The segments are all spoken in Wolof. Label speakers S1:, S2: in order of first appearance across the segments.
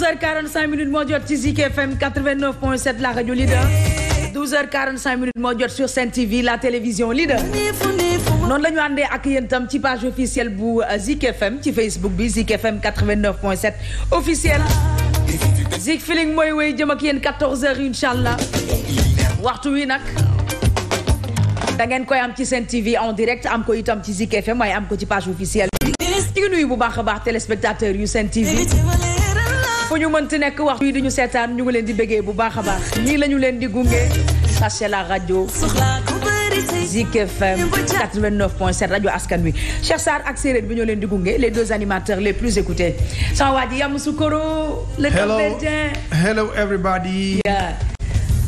S1: 12h45 minutes moo jot ci Zik FM 89.7 la rajo leader 12h45 minutes moo jot sur Sen TV la télévision leader noonu la ñu àndee ak yéen tam ci page officielle bu euh, Zik FM ci Facebook bi Zik FM 89.7 officielle Zik Feeling mooy wéy jëm ak yéen 14h incha allah waxtu wi nag da ngeen koy am ci Sen TV en direct am ko itam ci Zik FM waaye am ko ci page officielle bi. di nuyu bu baax a baax téléspectateur yu Sen TV. fu ñu mënti nekk wax yi duñu seetaan ñu ngi leen di bëggee bu baax a baax nii la ñu leen di gunge sachez la radio Zik FM 89.7 rajo askan wi Cheikh Sarr ak séeréer bi ñoo leen di gunge les deux animateurs les plus écoutés sama waa ji Yamoussoukro le Cap-Verdien hello everybody yeah.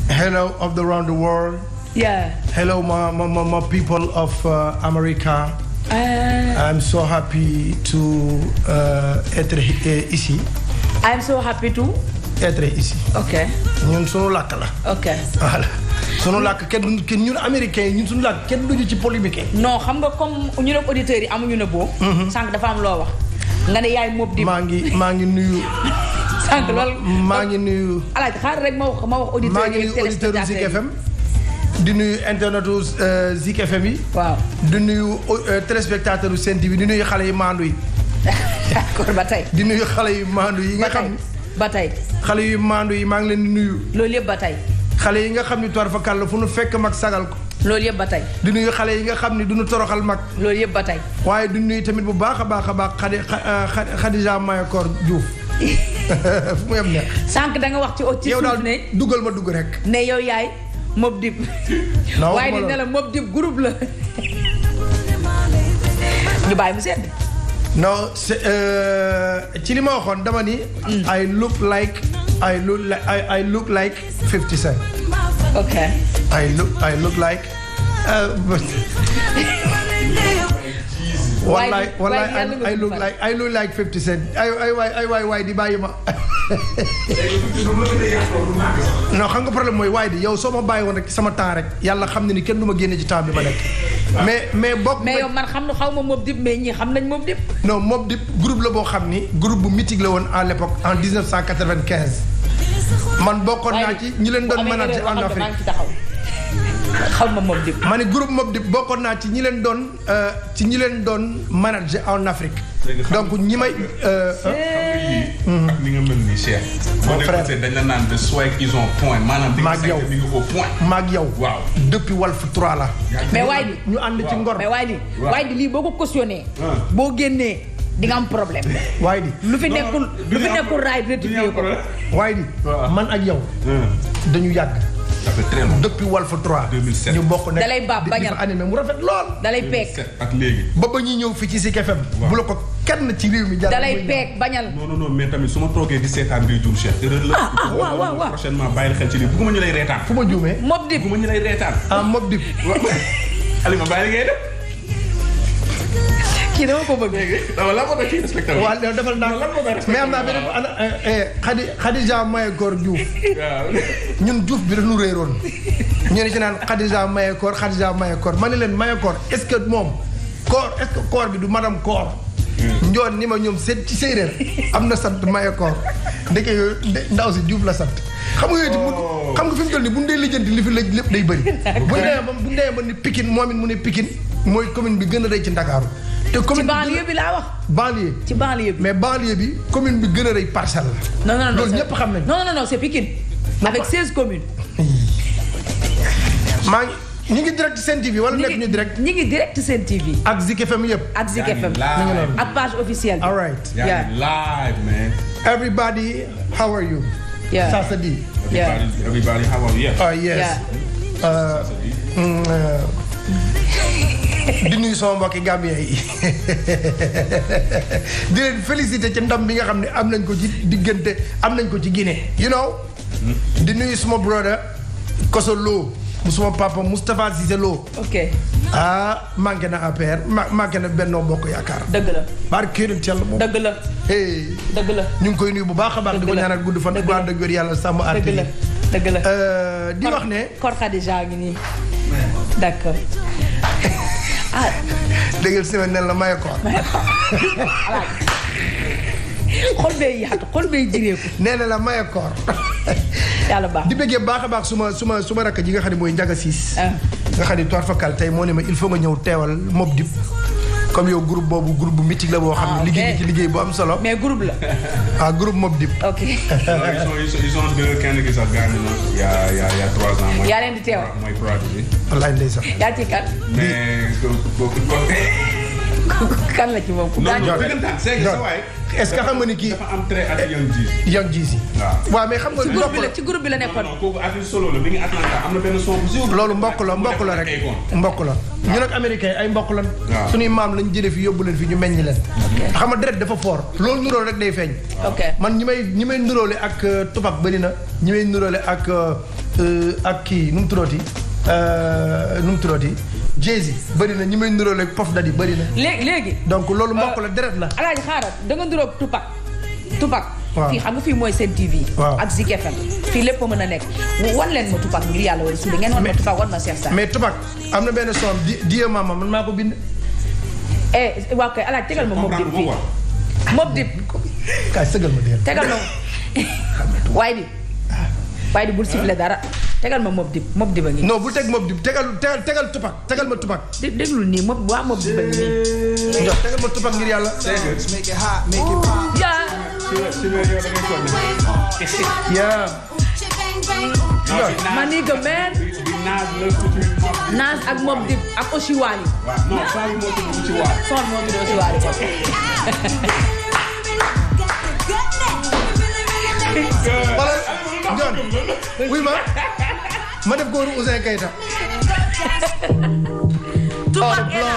S2: hello of the round
S1: I am so happy to.
S2: être ici. ok ñun sunu làkk la. ok voilà. sunu làkk kenn kenn ñun américain ñun sunu làkk kenn duñu ci polémique. non xam nga comme ñu ne auditeurs yi amuñu
S1: ne boo. Mhm. sànq dafa am loo wax. nga ne yaay mob di. maa ngi maa ngi nuyu. sànq loolu maa ngi nuyu. alaaj xaar rek ma wax ma wax auditeurs yi. maa ngi nuyu auditeurs Zik
S2: di nuyu internetu euh, Zik FM yi. waaw di nuyu euh, téléspectateurs Sen TV bi di nuyu xale yi maandu yi. d'accord ba tey. di nuyu xale yu maandu yi nga xam. ba tey xale yu maandu yi maa ngi leen nuyu. loolu ba tey. xale yi nga xam ni toor fa kàll fu nu fekk mag sagal ko. loolu yëpp ba tey. di nuyu xale yi nga xam ni du nu toroxal mag. loolu yëpp ba tey. waaye du nuyu tamit bu baax a baax a baax xadi Xadija euh, Mayakor Diouf
S1: fu mu yem sànq da nga wax ci au ci suuf ne yow daal dugal ma dugg rek. ne yow yaay Mob Dib. waaye dina la Mob Dib groupe la. ñu bàyyi mu sedd.
S2: non c'est euh, ci li ma waxoon dama ni. I look like I look like I look like 50 Cent. ok. I look I look like. wallaay euh, wallaay I look like I look like Cent ay ay waay ay waay waay di bàyyi ma. non xam nga problème mooy way di yow soo ma bàyyi woon sama temps rek yàlla xam ne ni kenn du ma génne ci temps bi ma nekk. mais mais bokk mais yow man
S1: xam na xaw ma moom Deep
S2: mais ñi xam nañ moom Deep non moom Deep groupe la boo xam ni groupe bu mythique la woon à l'époque en 1995 man bokkoon naa ci ñi leen doon manager en Afrique xaw ma Mobb Deep ma ne groupe Mobb Deep bokkoon naa ci ñi leen doon euh, ci ñi leen doon manager en Afrique donc ñi may euh, euh, nii. la naan de soit ils ont point maanaam. maag yow di nga ko point. maag yow la. mais
S1: waay di ñu ànd ci ngor. mais waay di lii boo ko cautionné. boo génnee dinga am problème.
S2: waay di lu fi nekkul lu fi nekkul raay retiré ko. waay di man ak yow. dañu yàgg. ça fait très long depuis Walf 3. 2007 ñu bokk nekk dalay baab bañal animé mu rafet lool. dalay peek ak léegi. ba ba ñuy ñëw fii ci Zik FM. bu la ko kenn ci réew mi. dalay peek bañal non non non mais tamit su ma toogee di seetaan bi juum Cheikh. erreur la ah, ah waaw waaw waaw ñu lay reetaan. fu ma juumee. mob dib bëgguma ñu lay reetaan. ah mob dib. Alima bàyyi la ngay def. kii dama ko bëgg. non lan moo defal naa mais am naa beneen ana xadi eh, eh, Xadija Maye Góor Diouf. ñun Diouf bi dañu réeroon. ñu ne ci naan Xadija Maye Góor Xadija Maye Góor ma ne leen Maye Góor est-ce que moom. koor est-ce koor bi du madame koor. Hmm. njoon ni ma ñoom seet ci séeréer am na sant maye koor ndeke ndaw si Diouf la sant. xam nga yooyu itam oh. xam nga fi mu toll nii bu ñu dee lijjanti li fi lëj lépp day bëri. bu ñu demee ba bu ñu demee ba ni Pikine moom it mooy commune bi gën a rëy ci Ndakaaru. te commune ci banlieue bi laa wax. banlieue ci banlieue bi. mais banlieue bi commune bi gën a rëy parcelle la. non non non loolu ñëpp xam nañu. non non non c'est Pikine. avec seize communes. maa ngi ñu ngi direct seen TV wala nekk ñu direct. ñu ngi direct seen TV. ak Zik FM yëpp. ak Zik FM ak page officielle bi. all right. yaa ngi live man. everybody how are you. Yeah. Sasadi. Yeah. Everybody, everybody, how are you? Oh, yes. Yeah. Uh, mm, uh, di nuy sama mbokki Gambien yi di leen félicité ci ndam bi nga xam ne am nañ ko ci diggante am nañ ko ci Guinée. you know di nuy suma brother Koso Lo mu suma papa Moustapha Cissé Lo. ah manqué na APR ma manqué na Benno Bokk Yaakaar. dëgg la barke yonent Yàlla moom. dëgg la. dëgg la ñu ngi koy nuyu bu baax a di ko ñaanal gudd fan. dëgg la dëgg yàlla sàmm aar. dëgg la dëgg la euh, di wax ne.
S1: Kor Khadija ngi
S2: nii ah. dégg semaine nen la may koor. maye koor xol bee yaatu xol bee jireeku. nee na la maye koor. yàlla di bëggee baax a baax su ma su ma su ma rakk ji nga xam ne mooy njaga siis. Ah. nga xam ne toile fakal tey moo ne ma il faut nga ñëw teewal mob dib. comme yow groupe boobu groupe bu mythique la boo xam ne ah, liggéey ci liggéey bu am solo. mais groupe la. ah groupe Mob Dip. ok. ils sont a a a trois ans.
S1: yaa leen di teew mooy mooy
S2: Prodigy. wallaahi ndeysaan. yaa ci kat. mais kooku kooku.
S1: kan la ci moom.
S2: est-ce que xam nga ni kii dafa am trait ak Young Jeezy. Young Jeezy. waaw mais xam nga. ci groupe ci groupe bi la nekkoon. non kooku am na benn son loolu mbokk la mbokk la rek mbokk la. ñu nag américain ay mbokk lan. waaw suñuy maam lañ jëlee fi yóbbu leen fi ñu meññ leen. xam nga direct dafa foor loolu nuróol rek day feeñ. man ñi may ñi may nuróole ak euh, tubaab bëri na ñi may nuróole ak euh, euh, ak kii nu mu turooti nu Jay-Z na ñi may niróo ak Puff Daddy bëri na.
S1: léegi léegi. donc loolu mbokk la euh, deret la. alaaji xaaral da nga niróo Tupac Tupac. waaw fii xam nga fii mooy seen TV. waaw ak Zik FM fii lépp mën a nekk wan leen ma Tupac ngir yàlla wala suude ngeen wan ma Tupac wan ma Cheikh Sarr. mais
S2: Tupac am na benn son di Dieu Mama man maa ko bind.
S1: eh waa kay ma Mob Dip bi Mob Dip.
S2: kaay ma dee. tegal ma
S1: waaye bi ah. waaye bi bul dara. tegal ma mob dib mob dib a ngi. bu teg
S2: mob dib tegal tegal tegal tupak tegal ma tupak. dé déglul nii mob waa mob dib a ngi nii. jox tegal ma tupak ngir yàlla. yaa.
S1: ma ni que man. naas ak mob dib ak Oshiwali. non son moo tudd Oshiwali. son moo tudd Oshiwali kon.
S2: John wuy ma ma def góoru Ouzin Keita.
S1: Tupac oh, est là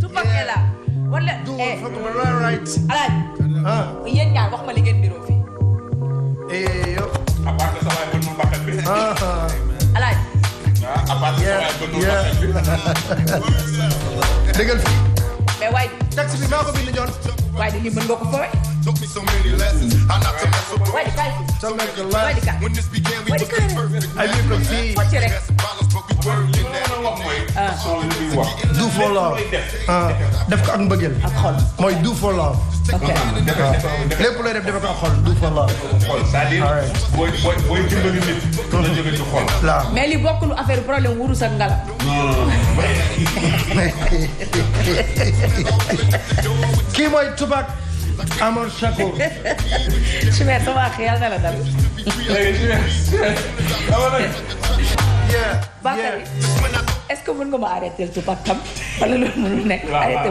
S1: Tupac est là. wala eh alaaj ah. yéen ñaar wax ma li ngeen niroo fii. eh yow.
S2: à part que sa waay bëgg mu bàqal bi. alaaj. ah à part que sa waay bëgg mu bàqal bi.
S1: dëggal fii. mais waay. taxi bi maa ko bind John. waay di lii mën nga ko fooy.
S2: Tell them to laugh. When this began, we was the turf. I live from sea. What's your uh. do for love uh, def ko ak mbëggeel ak xol mooy do for love uh, lépp looy def def ko ak xol do for love c'est-à-dire booy booy booy dimbali nit la jëme ci xol
S1: mais li bokkul affaire problème wurus ak ngala
S2: kii mooy Tupac Amor Shakur. Σήμερα το βάχει,
S1: αλλά δεν τα Est-ce que mën nga ma arrêter tu pakkam wala loolu mënul nekk. arrêté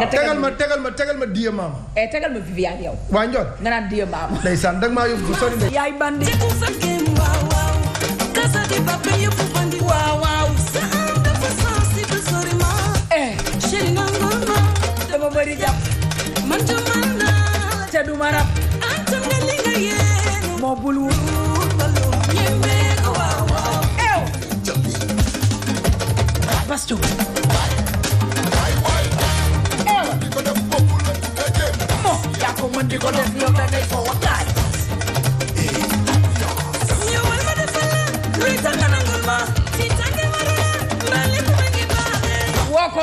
S1: ma tegal ma tegal ma tegal ma dieu maama. eh tegal ma Viviane yow. waa Ndiol nga naan dieu maama.
S2: ndeysaan dag maa yóbbu sori de.
S1: yaay bandi. waaw waaw. du ma rab antal nga li nga yéene moo bul wut baloo ñemee ko waaw waaw ew bastu ko mën di ko def yow da ngay fo wakaay ñëwal ma defal la luy tax nga nangul ma ci tànge ma la mbaa lépp ma ngi baaxee woo ko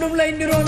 S1: num lay niroon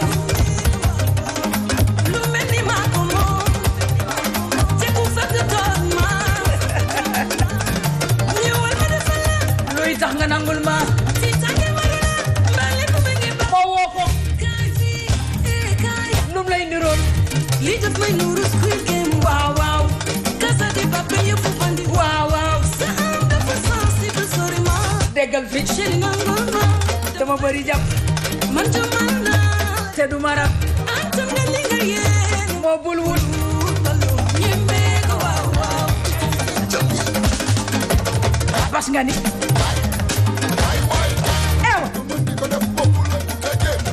S1: teggal fi dama bëri jàpp man ca man la te du ma rab antam nga li nga yéen moo bul wut bas nga ni ew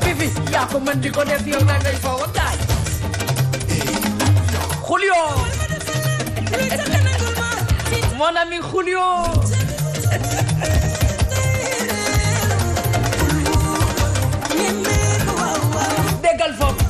S1: fifi yaa ko mën di ko def yow na ngay foowa daay Julio mon ami Julio déggal foofu